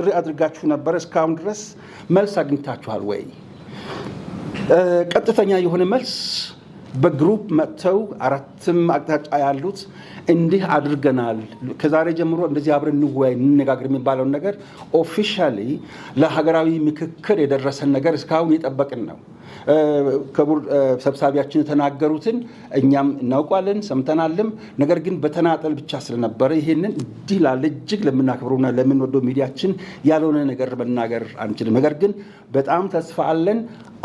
ጥሪ አድርጋችሁ ነበር። እስካሁን ድረስ መልስ አግኝታችኋል ወይ? ቀጥተኛ የሆነ መልስ በግሩፕ መጥተው አራትም አቅጣጫ ያሉት እንዲህ አድርገናል፣ ከዛሬ ጀምሮ እንደዚህ አብረን እንወያይ፣ እንነጋገር የሚባለውን ነገር ኦፊሻሊ ለሀገራዊ ምክክር የደረሰን ነገር እስካሁን እየጠበቅን ነው። ክቡር ሰብሳቢያችን የተናገሩትን እኛም እናውቋለን፣ ሰምተናልም። ነገር ግን በተናጠል ብቻ ስለነበረ ይህንን እንዲህ ላለ እጅግ ለምናከብረውና ለምንወደው ሚዲያችን ያልሆነ ነገር መናገር አንችልም። ነገር ግን በጣም ተስፋ አለን።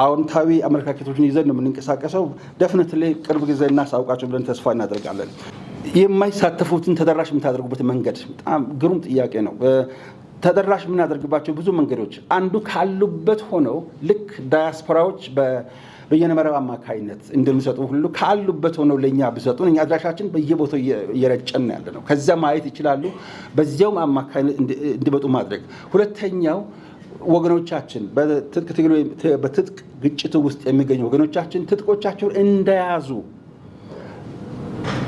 አዎንታዊ አመለካከቶችን ይዘን ነው የምንንቀሳቀሰው። ደፍነት ላይ ቅርብ ጊዜ እናሳውቃቸው ብለን ተስፋ እናደርጋለን። የማይሳተፉትን ተደራሽ የምታደርጉበት መንገድ በጣም ግሩም ጥያቄ ነው። ተደራሽ የምናደርግባቸው ብዙ መንገዶች አንዱ ካሉበት ሆነው ልክ ዳያስፖራዎች በየነመረብ አማካይነት እንደሚሰጡ ሁሉ ካሉበት ሆነው ለእኛ ብሰጡን እኛ አድራሻችን በየቦታው እየረጨን ያለ ነው። ከዚያ ማየት ይችላሉ። በዚያውም አማካይነት እንዲመጡ ማድረግ። ሁለተኛው ወገኖቻችን በትጥቅ ግጭት ውስጥ የሚገኙ ወገኖቻችን ትጥቆቻቸውን እንደያዙ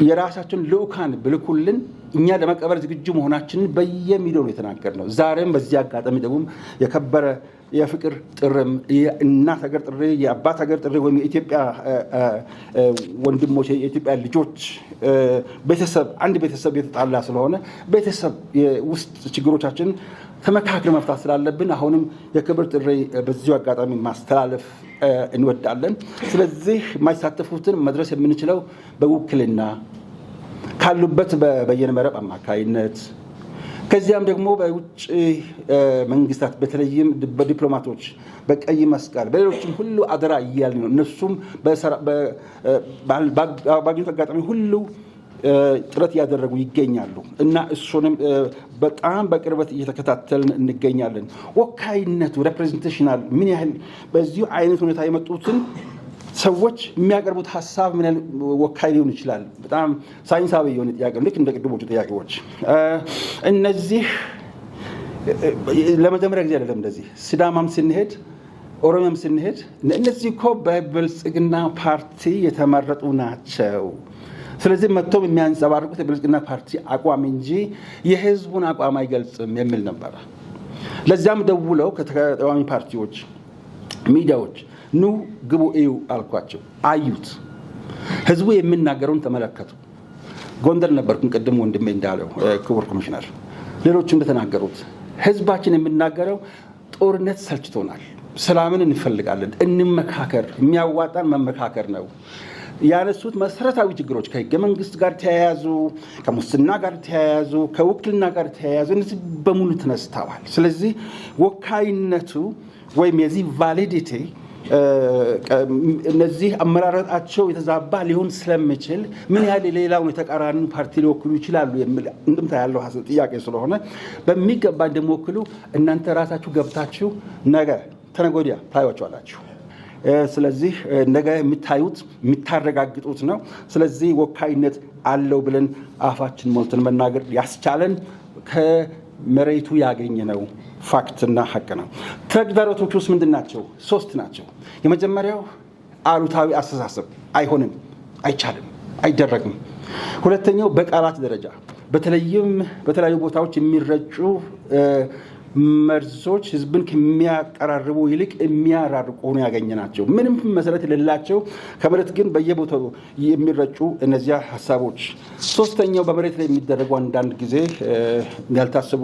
የራሳቸውን ልዑካን ብልኩልን እኛ ለመቀበል ዝግጁ መሆናችንን የተናገር ነው። ዛሬም በዚህ አጋጣሚ ደግሞ የከበረ የፍቅር ጥርም የእናት ሀገር ጥሪ፣ የአባት ሀገር ጥሪ ወይም የኢትዮጵያ ወንድሞች የኢትዮጵያ ልጆች ቤተሰብ አንድ ቤተሰብ የተጣላ ስለሆነ ቤተሰብ ውስጥ ችግሮቻችን ተመካክር መፍታት ስላለብን አሁንም የክብር ጥሪ በዚሁ አጋጣሚ ማስተላለፍ እንወዳለን። ስለዚህ የማይሳተፉትን መድረስ የምንችለው በውክልና ካሉበት በበየነ መረብ አማካይነት ከዚያም ደግሞ በውጭ መንግስታት በተለይም በዲፕሎማቶች፣ በቀይ መስቀል፣ በሌሎችም ሁሉ አደራ እያል ነው። እነሱም ባገኙት አጋጣሚ ሁሉ ጥረት እያደረጉ ይገኛሉ እና እሱንም በጣም በቅርበት እየተከታተልን እንገኛለን። ወካይነቱ ሬፕሬዘንቴሽናል ምን ያህል በዚሁ አይነት ሁኔታ የመጡትን ሰዎች የሚያቀርቡት ሀሳብ ምን ያህል ወካይ ሊሆን ይችላል? በጣም ሳይንሳዊ የሆነ ጥያቄ ልክ እንደ ቅድሞቹ ጥያቄዎች እነዚህ ለመጀመሪያ ጊዜ አይደለም። እንደዚህ ሲዳማም ስንሄድ ኦሮሚያም ስንሄድ እነዚህ እኮ በብልጽግና ፓርቲ የተመረጡ ናቸው። ስለዚህ መጥቶም የሚያንጸባርቁት የብልጽግና ፓርቲ አቋም እንጂ የህዝቡን አቋም አይገልጽም የሚል ነበረ። ለዚያም ደውለው ከተቃዋሚ ፓርቲዎች ሚዲያዎች ኑ ግቡ እዩ አልኳቸው። አዩት። ህዝቡ የሚናገረውን ተመለከቱ። ጎንደር ነበርኩን ቅድም ወንድሜ እንዳለው ክቡር ኮሚሽነር፣ ሌሎቹ እንደተናገሩት ህዝባችን የሚናገረው ጦርነት ሰልችቶናል፣ ሰላምን እንፈልጋለን፣ እንመካከር፣ የሚያዋጣን መመካከር ነው። ያነሱት መሰረታዊ ችግሮች ከህገ መንግስት ጋር ተያያዙ፣ ከሙስና ጋር ተያያዙ፣ ከውክልና ጋር ተያያዙ። እነዚህ በሙሉ ተነስተዋል። ስለዚህ ወካይነቱ ወይም የዚህ ቫሊዲቲ እነዚህ አመራረጣቸው የተዛባ ሊሆን ስለምችል ምን ያህል ሌላውን የተቃራኒ ፓርቲ ሊወክሉ ይችላሉ የሚል እንድምታ ያለው ጥያቄ ስለሆነ በሚገባ እንደሚወክሉ እናንተ ራሳችሁ ገብታችሁ ነገ ተነገ ወዲያ ስለዚህ ነገ የሚታዩት የሚታረጋግጡት ነው። ስለዚህ ወካይነት አለው ብለን አፋችን ሞልተን መናገር ያስቻለን መሬቱ ያገኘ ፋክት ፋክትና ሀቅ ነው። ተግዳሮቶች ውስጥ ምንድን ናቸው? ሶስት ናቸው። የመጀመሪያው አሉታዊ አስተሳሰብ አይሆንም፣ አይቻልም፣ አይደረግም። ሁለተኛው በቃላት ደረጃ በተለይም በተለያዩ ቦታዎች የሚረጩ መርሶች ህዝብን ከሚያቀራርቡ ይልቅ የሚያራርቁ ሆኖ ያገኘ ናቸው። ምንም መሰረት የሌላቸው ከመሬት ግን በየቦታው የሚረጩ እነዚያ ሀሳቦች። ሶስተኛው በመሬት ላይ የሚደረጉ አንዳንድ ጊዜ ያልታሰቡ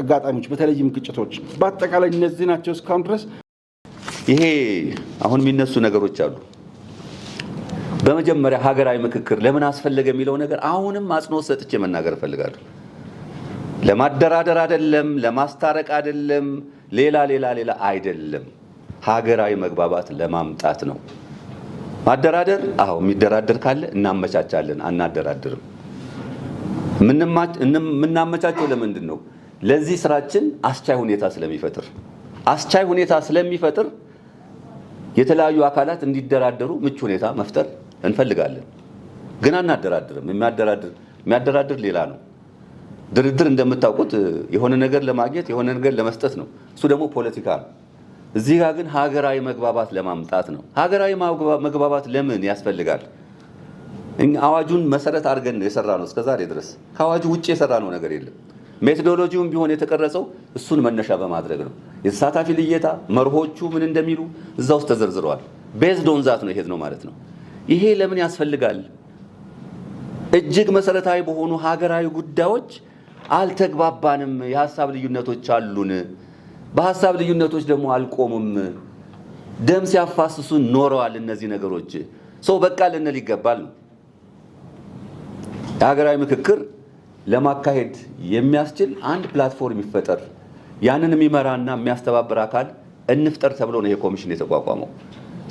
አጋጣሚዎች፣ በተለይም ግጭቶች። በአጠቃላይ እነዚህ ናቸው። እስካሁን ድረስ ይሄ አሁን የሚነሱ ነገሮች አሉ። በመጀመሪያ ሀገራዊ ምክክር ለምን አስፈለገ የሚለው ነገር አሁንም አጽንኦት ሰጥቼ መናገር እፈልጋለሁ። ለማደራደር አይደለም፣ ለማስታረቅ አይደለም፣ ሌላ ሌላ ሌላ አይደለም። ሀገራዊ መግባባት ለማምጣት ነው። ማደራደር፣ አዎ የሚደራደር ካለ እናመቻቻለን፣ አናደራድርም። የምናመቻቸው ለምንድን ነው? ለዚህ ስራችን አስቻይ ሁኔታ ስለሚፈጥር አስቻይ ሁኔታ ስለሚፈጥር የተለያዩ አካላት እንዲደራደሩ ምቹ ሁኔታ መፍጠር እንፈልጋለን። ግን አናደራድርም። የሚያደራድር ሌላ ነው። ድርድር እንደምታውቁት የሆነ ነገር ለማግኘት የሆነ ነገር ለመስጠት ነው። እሱ ደግሞ ፖለቲካ ነው። እዚህ ጋር ግን ሀገራዊ መግባባት ለማምጣት ነው። ሀገራዊ መግባባት ለምን ያስፈልጋል? አዋጁን መሰረት አድርገን የሰራ ነው እስከዛሬ ድረስ ከአዋጁ ውጭ የሰራ ነው ነገር የለም። ሜቶዶሎጂውም ቢሆን የተቀረጸው እሱን መነሻ በማድረግ ነው። የተሳታፊ ልየታ መርሆቹ ምን እንደሚሉ እዛ ውስጥ ተዘርዝረዋል። ቤዝድ ኦን ዛት ነው ማለት ነው። ይሄ ለምን ያስፈልጋል? እጅግ መሰረታዊ በሆኑ ሀገራዊ ጉዳዮች አልተግባባንም። የሀሳብ ልዩነቶች አሉን። በሀሳብ ልዩነቶች ደግሞ አልቆሙም። ደም ሲያፋስሱ ኖረዋል። እነዚህ ነገሮች ሰው በቃ ልንል ይገባል። የሀገራዊ ምክክር ለማካሄድ የሚያስችል አንድ ፕላትፎርም ይፈጠር፣ ያንን የሚመራና የሚያስተባብር አካል እንፍጠር ተብሎ ነው ይሄ ኮሚሽን የተቋቋመው።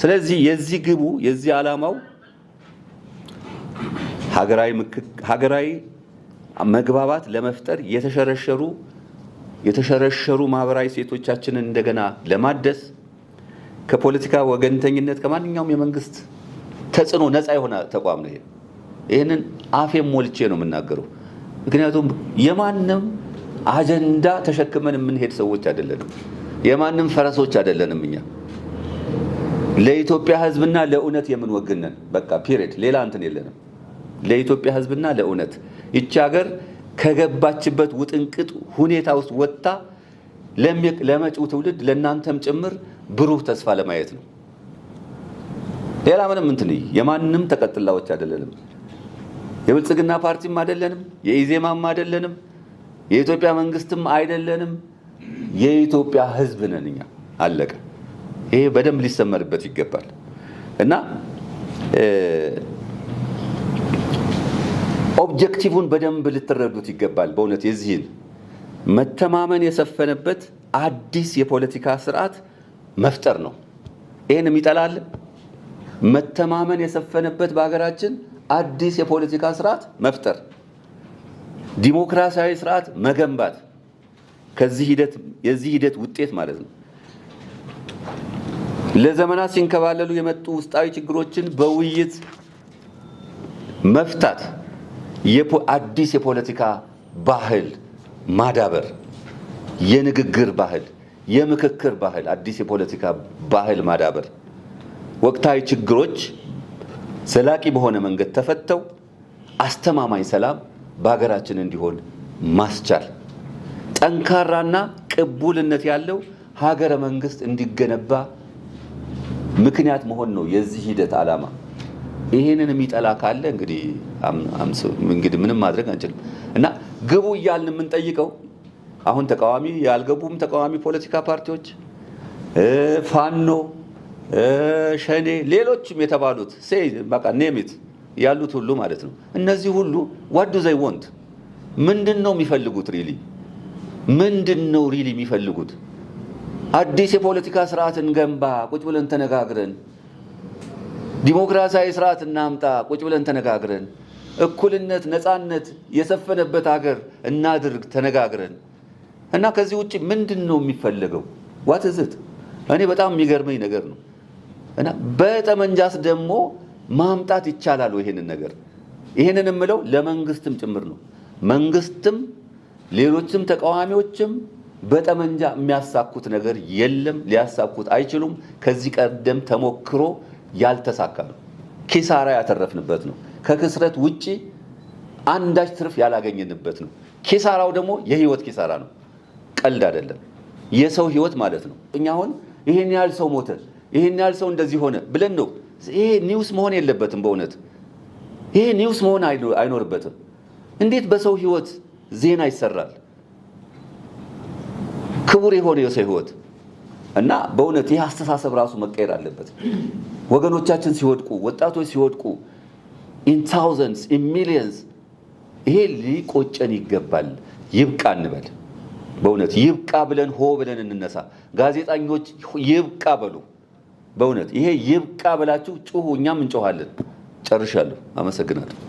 ስለዚህ የዚህ ግቡ የዚህ ዓላማው ሀገራዊ መግባባት ለመፍጠር የተሸረሸሩ የተሸረሸሩ ማህበራዊ ሴቶቻችንን እንደገና ለማደስ ከፖለቲካ ወገንተኝነት ከማንኛውም የመንግስት ተጽዕኖ ነፃ የሆነ ተቋም ነው። ይህንን አፌም ሞልቼ ነው የምናገረው። ምክንያቱም የማንም አጀንዳ ተሸክመን የምንሄድ ሰዎች አይደለንም። የማንም ፈረሶች አይደለንም። እኛ ለኢትዮጵያ ሕዝብና ለእውነት የምንወግነን በቃ ፒሪድ። ሌላ እንትን የለንም። ለኢትዮጵያ ሕዝብና ለእውነት ይቺ ሀገር ከገባችበት ውጥንቅጥ ሁኔታ ውስጥ ወጥታ ለመጪው ትውልድ ለእናንተም ጭምር ብሩህ ተስፋ ለማየት ነው። ሌላ ምንም እንትን የማንም ተቀጥላዎች አይደለንም። የብልጽግና ፓርቲም አይደለንም፣ የኢዜማም አይደለንም፣ የኢትዮጵያ መንግስትም አይደለንም። የኢትዮጵያ ሕዝብ ነን እኛ። አለቀ። ይሄ በደንብ ሊሰመርበት ይገባል እና ኦብጀክቲቭን በደንብ ልትረዱት ይገባል። በእውነት የዚህን መተማመን የሰፈነበት አዲስ የፖለቲካ ስርዓት መፍጠር ነው። ይህን የሚጠላል መተማመን የሰፈነበት በሀገራችን አዲስ የፖለቲካ ስርዓት መፍጠር፣ ዲሞክራሲያዊ ስርዓት መገንባት የዚህ ሂደት ውጤት ማለት ነው። ለዘመናት ሲንከባለሉ የመጡ ውስጣዊ ችግሮችን በውይይት መፍታት አዲስ የፖለቲካ ባህል ማዳበር፣ የንግግር ባህል፣ የምክክር ባህል፣ አዲስ የፖለቲካ ባህል ማዳበር፣ ወቅታዊ ችግሮች ዘላቂ በሆነ መንገድ ተፈተው አስተማማኝ ሰላም በሀገራችን እንዲሆን ማስቻል፣ ጠንካራና ቅቡልነት ያለው ሀገረ መንግስት እንዲገነባ ምክንያት መሆን ነው የዚህ ሂደት ዓላማ። ይሄንን የሚጠላ ካለ እንግዲህ ምንም ማድረግ አንችልም እና ግቡ እያልን የምንጠይቀው አሁን ተቃዋሚ ያልገቡም ተቃዋሚ ፖለቲካ ፓርቲዎች ፋኖ፣ ሸኔ፣ ሌሎችም የተባሉት በቃ ኔሚት ያሉት ሁሉ ማለት ነው። እነዚህ ሁሉ ዋዱ ዘይ ወንት ምንድን ነው የሚፈልጉት? ሪሊ ምንድን ነው ሪሊ የሚፈልጉት? አዲስ የፖለቲካ ስርዓት እንገንባ ቁጭ ብለን ተነጋግረን ዲሞክራሲያዊ ስርዓት እናምጣ፣ ቁጭ ብለን ተነጋግረን፣ እኩልነት፣ ነፃነት የሰፈነበት ሀገር እናድርግ ተነጋግረን እና ከዚህ ውጭ ምንድን ነው የሚፈለገው? ዋትዝት እኔ በጣም የሚገርመኝ ነገር ነው እና በጠመንጃስ ደግሞ ማምጣት ይቻላል ይሄንን ነገር ይሄንን የምለው ለመንግስትም ጭምር ነው። መንግስትም ሌሎችም ተቃዋሚዎችም በጠመንጃ የሚያሳኩት ነገር የለም፣ ሊያሳኩት አይችሉም። ከዚህ ቀደም ተሞክሮ ያልተሳካ ነው። ኪሳራ ያተረፍንበት ነው። ከክስረት ውጪ አንዳች ትርፍ ያላገኘንበት ነው። ኪሳራው ደግሞ የህይወት ኪሳራ ነው። ቀልድ አይደለም። የሰው ህይወት ማለት ነው። እኛ አሁን ይህን ያህል ሰው ሞተ፣ ይህን ያህል ሰው እንደዚህ ሆነ ብለን ነው። ይሄ ኒውስ መሆን የለበትም። በእውነት ይሄ ኒውስ መሆን አይኖርበትም። እንዴት በሰው ህይወት ዜና ይሰራል? ክቡር የሆነ የሰው ህይወት እና በእውነት ይህ አስተሳሰብ ራሱ መቀየር አለበት። ወገኖቻችን ሲወድቁ፣ ወጣቶች ሲወድቁ ኢን ታውዘንድስ ኢን ሚሊየንስ ይሄ ሊቆጨን ይገባል። ይብቃ እንበል። በእውነት ይብቃ ብለን ሆ ብለን እንነሳ። ጋዜጠኞች ይብቃ በሉ። በእውነት ይሄ ይብቃ ብላችሁ ጩሁ፣ እኛም እንጮኋለን። ጨርሻለሁ። አመሰግናለሁ።